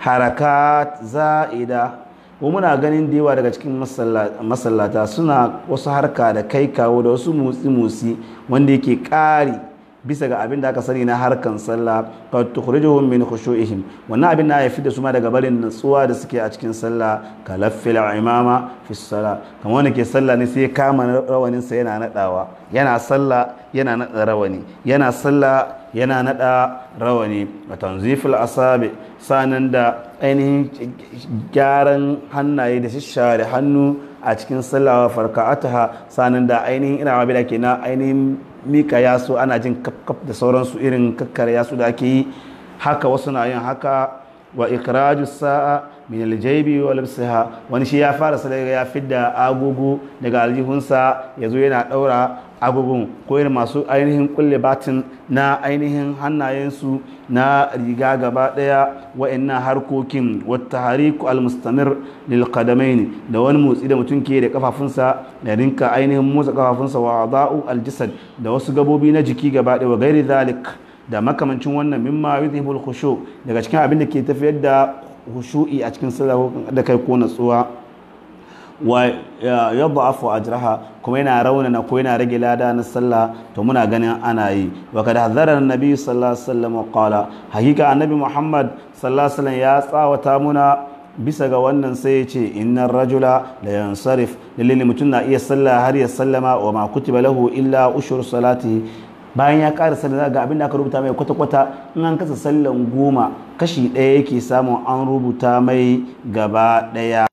harakat za'ida ko muna ganin da yawa daga cikin masallata suna wasu harka da kai kawo da wasu motsi-motsi wanda yake ƙari bisa ga abin da aka sani na harkan sallah ka tukhrijuhum min khushu'ihim wannan abin na yafi da su ma daga barin natsuwa da suke a cikin sallah kalaffil imama fi sallah kamar wanda ke sallah ne sai kama rawanin sa yana nadawa yana sallah yana nada rawani yana sallah yana nada rawani wa tanzifil asabi sanan da ainihin gyaran hannaye da shishare hannu a cikin sallah ataha sanan da ainihin ina ke na ainihin mika yasu ana jin kafkaf da sauransu irin kakkar yasu da ake yi haka wasu na yin haka wa ikiraju sa'a min aljaibi wa wani shi ya fara sallah ya fidda agogo daga aljihunsa yazo yana daura abubuwan ko yin masu ainihin kulle batin na ainihin hannayensu na riga gaba daya ina harkokin wata hariku almustamir lilkadamai ne da wani motsi da mutum ke da kafafunsa da rinka ainihin motsa kafafunsa wa za'u aljisad da wasu gabobi na jiki gaba daya wa gairi zalik da makamancin wannan mimma wizi bulkusho daga cikin abin da ke tafiyar da hushu'i a cikin sallah da kai ko natsuwa wa a jiraha kuma yana raunana ko yana rage lada na sallah to muna ganin ana yi wa hazara na nabi sallallahu alaihi wasallam qala hakika annabi muhammad sallallahu alaihi ya tsawata muna bisa ga wannan sai ya ce innan rajula da yansarif lalle mutum na iya sallah har ya sallama wa ma kutiba lahu illa ushur salati bayan ya ƙara sallah ga abin da aka rubuta mai kwata-kwata in an kasa sallan goma kashi ɗaya yake samun an rubuta mai gaba ɗaya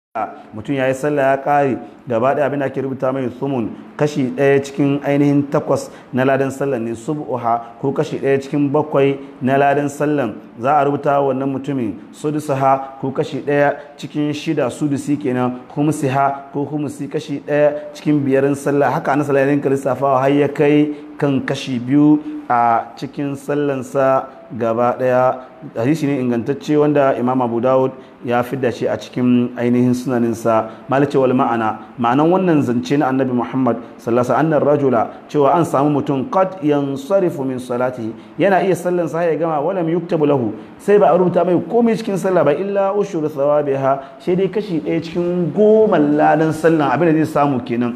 mutum ya yi sallah ya kare gaba da abin da ake rubuta mai sumun kashi daya cikin ainihin takwas na ladan sallan ne sub'uha ko kashi daya cikin bakwai na ladan sallan za a rubuta wannan mutumin sudusaha ko kashi daya cikin shida sudusi kenan humsiha ko humsi kashi daya cikin biyarin sallah haka na sallah ya rinka har ya kai kan kashi biyu a cikin sallansa gaba daya hadisi ne ingantacce wanda imam abu dawud ya fidda shi a cikin ainihin sunaninsa malice wal ma'ana ma'anan wannan zance na annabi muhammad sallasa annan rajula cewa an samu mutum qad yansarifu min salati yana iya sallan sa ya gama walam yuktabu bulahu. sai ba a rubuta mai komai cikin sallah ba illa ushuru thawabiha sai dai kashi daya cikin goma ladan sallan abin da zai samu kenan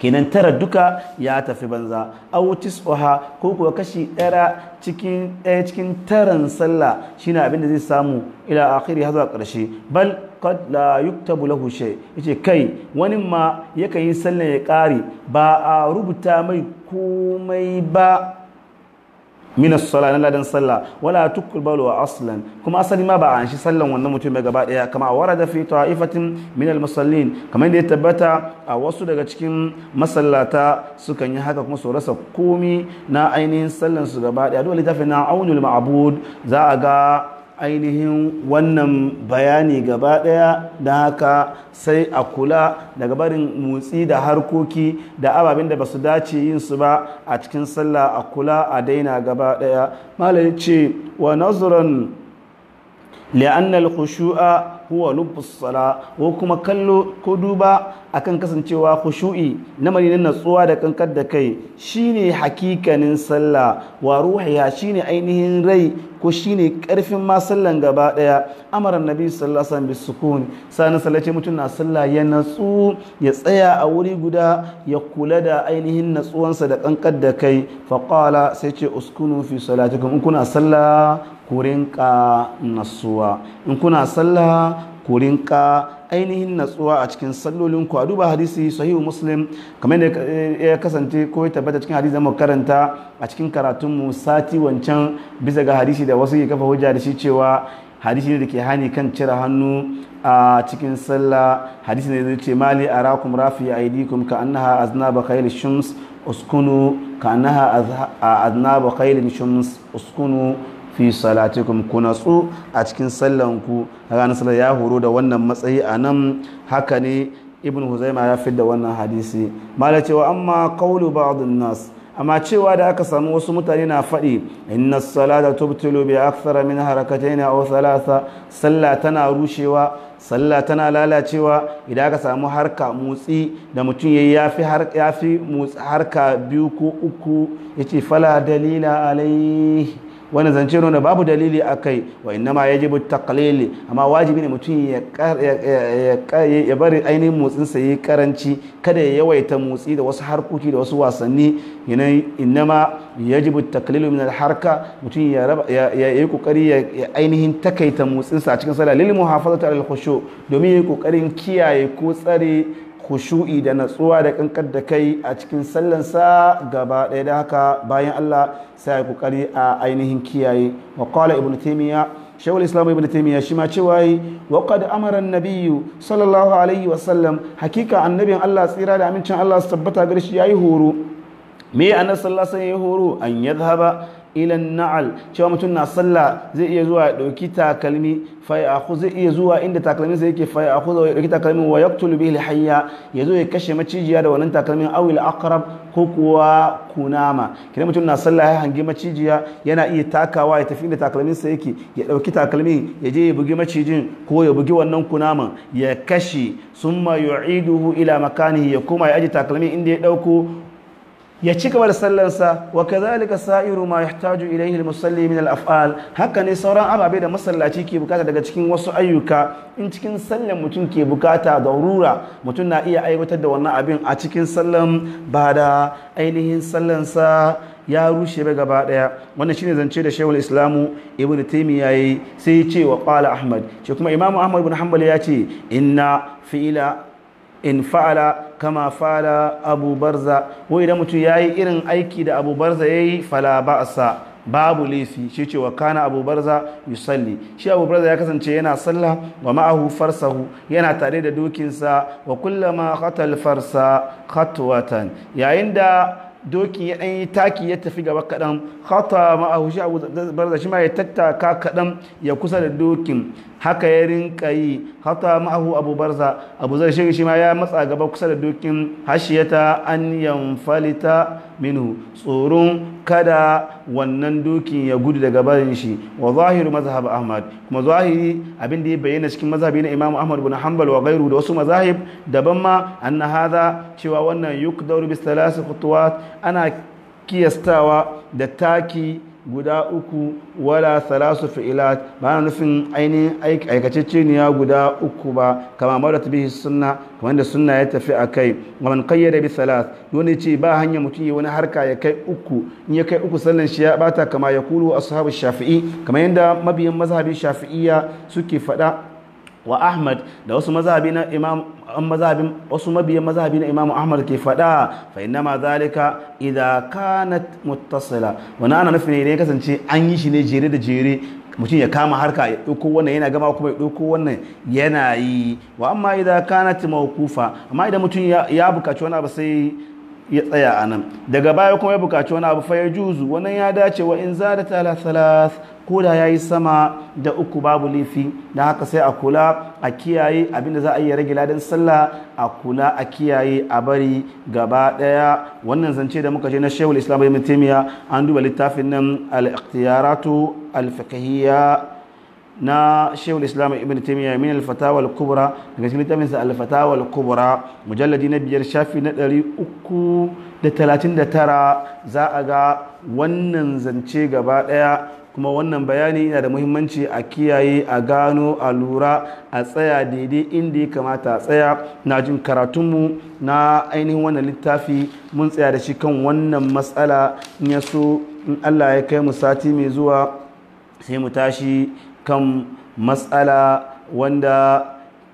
kenan tara duka ya tafi banza autis oha ko kuwa kashi ɗara cikin cikin taran sallah shine da zai samu ila akhiri har zuwa ƙarshe bal qad la yuktabu lahu shay yace kai wani ma yakan yi sallah ya ƙare ba a rubuta mai komai ba min as-sala na ladan sallah wala tuqbalu aslan kuma asali ma ba an shi sallan wannan mutum ba gaba daya kama warada fi ta'ifatin min al-musallin kamar da ya tabbata a wasu daga cikin masallata sukan yi haka kuma su rasa komi na ainihin sallan su gaba daya dole tafi na aunul ma'bud za a ga ainihin wannan bayani gaba ɗaya da haka sai a kula daga barin motsi da harkoki da ababen da ba su dace yin su ba a cikin sallah a kula a daina gaba ɗaya malar ce wa nazarin La'anar al-khushu'a huwa lubbus sala kuma kallo ko duba akan kasancewa khushu'i na marinin natsuwa da kankar da kai shine hakikanin sallah wa ruhiya shine ainihin rai ko shine karfin ma sallan gaba ɗaya. amara nabi sallallahu alaihi wasallam bisukun sana sallace mutum na sallah ya natsu ya tsaya a wuri guda ya kula da ainihin natsuwansa da kankar da kai faqala sai ce uskunu fi salatikum in kuna sallah ku rinka natsuwa in kuna sallah ku rinka ainihin natsuwa a cikin sallolin ku a duba hadisi sahihu muslim kamar da ya kasance ko ya tabbata cikin hadisi mu karanta a cikin karatun mu sati wancan bisa ga hadisi da wasu ke kafa hujja da shi cewa hadisi ne da ke hani kan cire hannu a cikin sallah hadisi ne da ce mali arakum rafi aidikum ka annaha aznaba khayl shams uskunu ka annaha aznaba khayl shams uskunu fi salatikum ku natsu a cikin sallanku ranar sallar ya horo da wannan matsayi a nan haka ne ibn huzaima ya fi da wannan hadisi mala cewa amma qawlu ba'd nas amma cewa da aka samu wasu mutane na faɗi inna salata tubtilu bi akthara min harakatayn aw thalatha sallah tana rushewa sallah tana lalacewa idan aka samu harka motsi da mutum yayi yafi har harka biyu ko uku yace fala dalila alaihi wani zance nuna babu dalili a kai wa inna ma yajibu taqlili amma wajibi ne mutum ya bari ainihin motsinsa sa yi karanci kada ya yawaita motsi da wasu harkoki da wasu wasanni inna ma yajibu taqlilu min harka mutum ya yi kokari ya ainihin takaita motsinsa a cikin mu lil muhafazati al khushu domin ya yi kokarin kiyaye ko tsare khushu'i da natsuwa da kankar da kai a cikin sallansa gaba ɗaya da haka bayan Allah sai ya kokari a ainihin kiyaye wa qala ibnu taymiya shawul islam ibnu taymiya shi ma cewa yi wa qad amara an sallallahu alaihi wa sallam hakika annabin Allah tsira da amincin Allah su tabbata gare shi yi horo me annabi sallallahu alaihi wa sallam yayi horo an yadhhaba ilan na'al cewa mutum na sallah zai iya zuwa ya dauki takalmi fai aku zai iya zuwa inda takalmin sai yake fai aku zai dauki takalmin wa yaqtulu bihi hayya ya zo ya kashe macijiya da wannan takalmin awil akrab ko kuwa kunama kidan mutum na sallah ya hangi macijiya yana iya takawa ya tafi inda takalmin sai yake ya dauki takalmin ya je ya bugi macijin ko ya bugi wannan kunaman ya kashe summa yu'iduhu ila makanihi ya koma ya aje takalmin inda ya dauko ya ci gaba da sallarsa wa kazalika sa'iru ma yahtaju ilayhi al-musalli min al-af'al haka ne sauran ababe da masallaci ke bukata daga cikin wasu ayyuka in cikin sallar mutum ke bukata darura mutum na iya aiwatar da wannan abin a cikin sallan ba da ainihin sallansa ya rushe ba gaba daya wannan shine zance da Shaykhul Islamu ibnu Taymiyyah yayi sai ya ce wa qala Ahmad shi kuma Imam Ahmad ibn Hanbal ya ce inna fi'ila in fa'ala kama fa'ala abu barza ko idan mutum ya yi irin aiki da abubarza barza ya yi fala sa babu laifi shi ce wa kana abubarza barza salli shi abu ya kasance yana sallah wa ma'ahu farsahu yana tare da dokinsa wa kullama khatal farsa khatwatan yayin da doki ya ɗan yi taki ya tafi gaba kadan khata ma'ahu shi abubarza shi ma ya tattaka kaɗan ya kusa da dokin haka ya rinka yi hata ma'ahu abu barza abu zai shi shi ma ya matsa gaba kusa da dokin hashiyata an yamfalita minu tsoron kada wannan dokin ya gudu daga barin shi wa zahiru mazhab ahmad kuma zahiri abin da ya bayyana cikin mazhabi na imamu ahmad bin hanbal wa gairu da wasu mazahib daban ma anna hadha cewa wannan yukdaru bis thalath khutuwat ana kiyastawa da taki guda uku wala salasu fi'ilat ba na nufin ainihin aikaceceniya guda uku ba kama ta bihi sunna kamar da sunna ya tafi a kai ya kayyada bi salas wani ce ba hanya mutum ya wani harka ya kai uku in ya kai uku sallan shi ya bata kama ya kulu ashabu shafi'i kamar yadda mabiyan mazhabin shafi'iyya suke faɗa wa ahmad da wasu mazhabi na imam mazhabin wasu mabiyan mazhabi na imam ahmad ke fada fa inna ma zalika idza kanat muttasila wana ana nufin ne kasance an yi shi ne jere da jere mutum ya kama harka ya ɗauko wannan yana gama kuma ya ɗauko wannan yana yi wa amma idan kanat mawqufa amma idan mutum ya bukaci wani abu sai ya tsaya anan. daga baya kuma ya bukaci wani abu fa ya juzu wannan ya dace wa in zada talathalas Koda ya yi sama da uku babu laifi don haka sai a kula a kiyaye abinda za a iya rage ladan sallah a kula a kiyaye a bari gaba daya wannan zance da muka je na Shehu islam ibn taymiya an duba littafin nan al-iqtiyaratu al na Shehu islam ibn taymiya min al-fatawa kubra daga cikin littafin sa al-fatawa kubra mujalladi na biyar shafi na uku da da talatin tara za a ga wannan zance gaba daya kuma wannan bayani yana da muhimmanci a kiyaye a gano a lura a tsaya daidai inda ya kamata a tsaya na jin karatunmu na ainihin wannan littafi mun tsaya da shi kan wannan matsala in ya so in allah ya kai mu sati mai zuwa sai mu tashi kan matsala wanda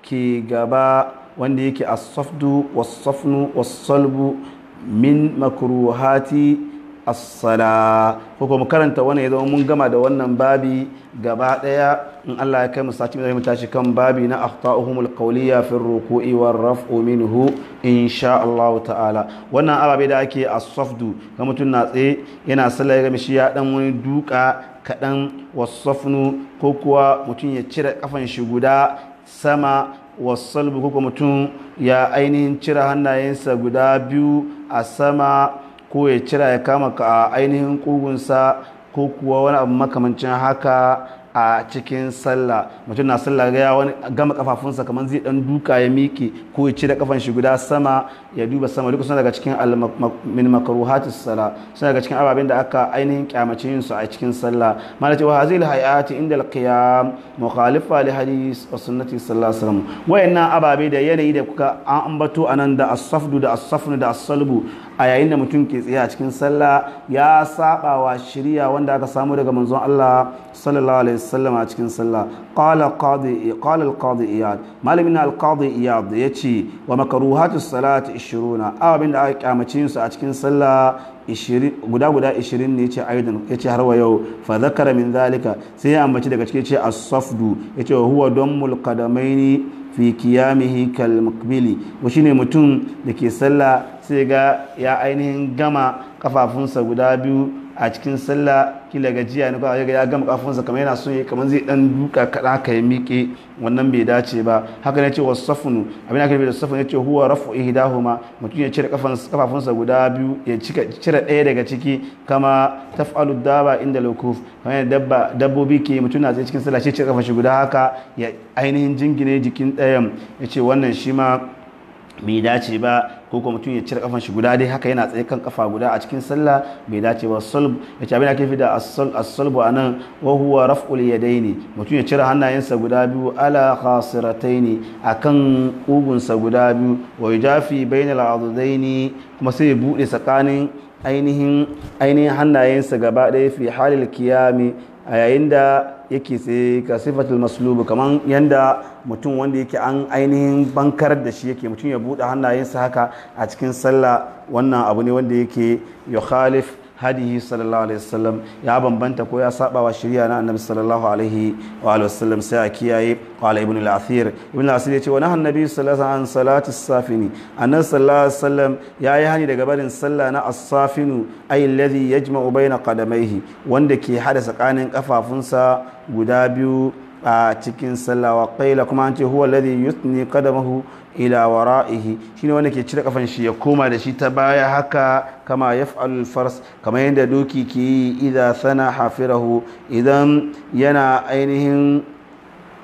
ke gaba wanda yake asafdu wasafnu wasalbu min makruhati assala ko kuma karanta wani ya zama mun gama da wannan babi gaba daya in Allah ya kai mu sati mai tashi kan babi na akhta'uhumul qawliya fi ruku'i war raf'u minhu insha Allah ta'ala wannan arabe da ake as-safdu ga mutun na tsaye yana sallar ga mishi ya dan wani duka kadan wasafnu ko kuwa mutun ya cire kafan shi guda sama wasalbu ko mutum ya ainihin cire hannayensa guda biyu a sama ko ya cira ya kama ka a ainihin kugunsa ko kuwa wani abu makamancin haka a cikin sallah mutum na sallah ga wani gama kafafunsa kamar zai dan duka ya miƙe ko ya cire kafan shi guda sama ya duba sama duka suna daga cikin min makruhatis sala suna daga cikin ababen da aka ainihin kyamace yin su a cikin sallah mana cewa hazil hayati inda alqiyam mukhalifa li hadis wa sunnati sallallahu alaihi wasallam wayannan ababe da yanayi da kuka an ambato anan da as-safdu da as-safnu da as-salbu a yayin da mutum ke tsaye a cikin sallah ya saba wa shirya wanda aka samu daga manzon Allah sallallahu alaihi wasallam a cikin sallah qala qadi qala al-qadi iyad malamin al-qadi iyad yace wa makruhatus salati 20 abin da aka kyamace su a cikin sallah guda guda 20 ne yace aidan yace har wa yau fa zakara min zalika sai ya ambaci daga cikin yace as-safdu yace wa huwa dammul qadamaini fi kiyamihi kalmakmili wa shine mutum da ke sallah sai ga ya ainihin gama kafafunsa guda biyu a cikin sallah kila gajiya ne ko ya gama kafunsa kamar yana son yi kamar zai dan duka kada ka ya miƙe wannan bai dace ba haka ne ce wa safunu abin aka da safunu yace huwa rafu ihdahuma mutum ya cire kafafunsa guda biyu ya cire ɗaya daga ciki kama taf'alu daba inda lukuf kamar dabba dabbobi ke mutum na zai cikin sallah shi cire kafashi guda haka ya ainihin jingine jikin ɗayan yace wannan shi ma bai dace ba ko kuma mutum ya cire kafan shi guda dai haka yana tsaye kan kafa guda a cikin sallah bai dace ba sulb ya ce abin da ake fi da as-sulbu anan wa huwa raf'ul yadaini mutum ya cire hannayensa guda biyu ala khasirataini akan ugunsa guda biyu wa yujafi bainal adudaini kuma sai ya bude tsakanin ainihin ainihin hannayensa gaba ɗaya fi halil kiyami a yayin da yake sai ka sifatul maslubu kaman yadda mutum wanda yake an ainihin bankar da shi yake mutum ya buɗe hannayensa haka a cikin sallah wannan abu ne wanda yake yohalif hadihi sallallahu alaihi wasallam ya bambanta ko ya saba wa shari'a na annabi sallallahu alaihi wa wasallam sai a kiyaye qala ibn al-athir ibn al-athir yace wa nahan nabi sallallahu alaihi wasallam salati as-safini annabi sallallahu alaihi wasallam yayi hani daga barin sallah na as-safinu ay alladhi yajma'u bayna qadamaihi wanda ke hada tsakanin kafafunsa guda biyu a cikin sallawa wa kuma an ce huwa alladhi yusni qadamahu ila wara'ihi ne wanda ke cire kafan shi ya koma da shi ta baya haka kama yaf'alul fars kamar yadda doki ke yi idza sana hafirahu idan yana ainihin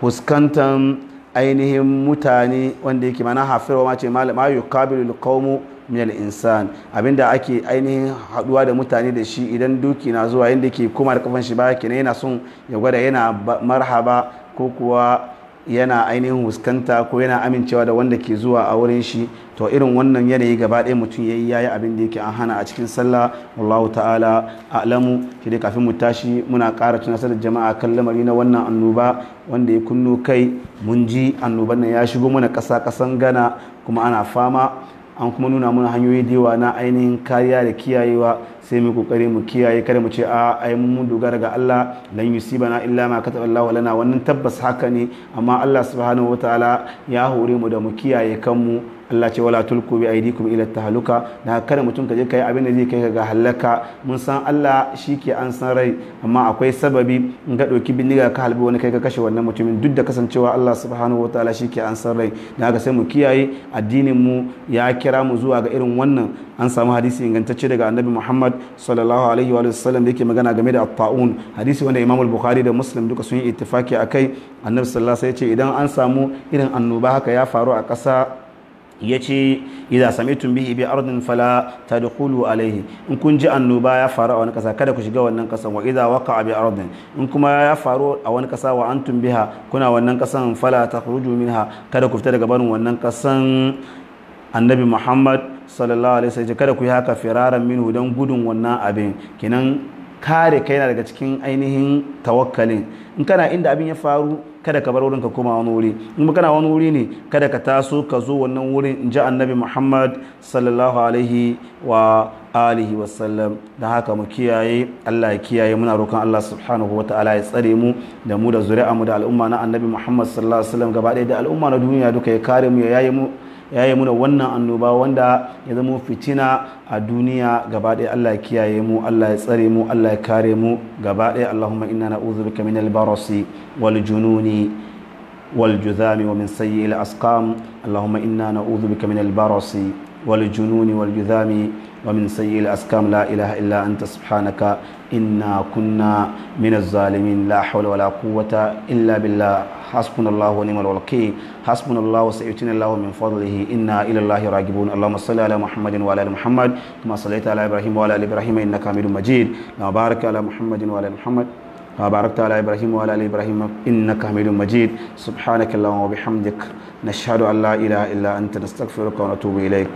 huskantan ainihin mutane wanda yake mana hafirwa ma ce ma yuqabilul qawmu minal insan abinda ake ainihin haduwa da mutane da shi idan duki na zuwa yadda ke kuma da kafan shi ba kenan yana son ya gwada yana marhaba ko kuwa yana ainihin huskanta ko yana amincewa da wanda ke zuwa a wurin shi to irin wannan yanayi gaba ɗaya mutum ya yi yayi abin da yake an hana a cikin sallah wallahu ta'ala a'lamu shi dai kafin mu tashi muna ƙara tunasar da jama'a kan lamari na wannan annoba wanda ya kunno kai mun ji annoban nan ya shigo mana ƙasa ƙasan gana kuma ana fama an kuma nuna mana hanyoyi da yawa na ainihin kariya da kiyayewa sai mu kokari mu kiyaye kada mu ce a ai mun dogara ga Allah lan yusibana illa ma kataba Allah lana wannan tabbas haka ne amma Allah subhanahu wataala ya hore mu da mu kiyaye kanmu Allah ce wala tulku bi aidikum ila tahluka da kada mutum ka je kai abin da zai kai ga halaka mun san Allah shike an san rai amma akwai sababi in ka dauki bindiga ka halbi wani kai ka kashe wannan mutumin duk da kasancewa Allah subhanahu wataala shike an san rai da haka sai mu kiyaye addinin mu ya kira mu zuwa ga irin wannan an samu hadisi ingantacce daga Annabi Muhammad sallallahu alaihi wa sallam yake magana game da at-ta'un hadisi wanda Imam al-Bukhari da Muslim duka sun yi ittifaki akai Annabi sallallahu alaihi sallam ya ce idan an samu irin annoba haka ya faru a ƙasa ya ce sami sami'tum bihi bi ardin fala tadkhulu alaihi in kun ji annoba ya faru a wani kasa kada ku shiga wannan kasan wa idza waqa'a bi ardin in kuma ya faru a wani kasa wa antum biha kuna wannan kasan fala takhruju minha kada ku fita daga barin wannan kasan annabi Muhammad sallallahu alaihi wasallam kada ku yi haka firaran minhu dan gudun wannan abin kenan. kare kai na daga cikin ainihin tawakkalin in kana inda abin ya faru kada ka bar wurin ka koma wani wuri in kana wani wuri ne kada ka taso ka zo wannan wurin in ji annabi muhammad sallallahu alaihi wa alihi wasallam da haka mu kiyaye allah ya kiyaye muna rokon allah subhanahu wa ta'ala ya tsare mu da mu da zuri'a mu da al'umma na annabi muhammad sallallahu alaihi wasallam gaba ɗaya da al'umma na duniya duka ya kare mu ya yaye mu ya yi muna wannan annoba wanda ya zama fitina a duniya gaba ɗaya Allah ya kiyaye mu Allah ya tsare mu Allah ya kare mu gaba ɗaya Allahumma inna na'udhu bika min al-barasi wal jununi wal juzami wa min sayyi al-asqam Allahumma inna na'udhu bika min al-barasi wal jununi wal juzami ومن سيئ الأسكام لا إله إلا أنت سبحانك إنا كنا من الظالمين لا حول ولا قوة إلا بالله حسبنا الله ونعم الوكيل حسبنا الله وسيؤتينا الله من فضله إنا إلى الله راجبون اللهم صل على محمد وعلى آل محمد كما صليت على إبراهيم وعلى آل إبراهيم إنك حميد مجيد وبارك على محمد وعلى آل محمد وباركت على إبراهيم وعلى آل إبراهيم إنك حميد مجيد سبحانك اللهم وبحمدك نشهد أن لا إله إلا أنت نستغفرك ونتوب إليك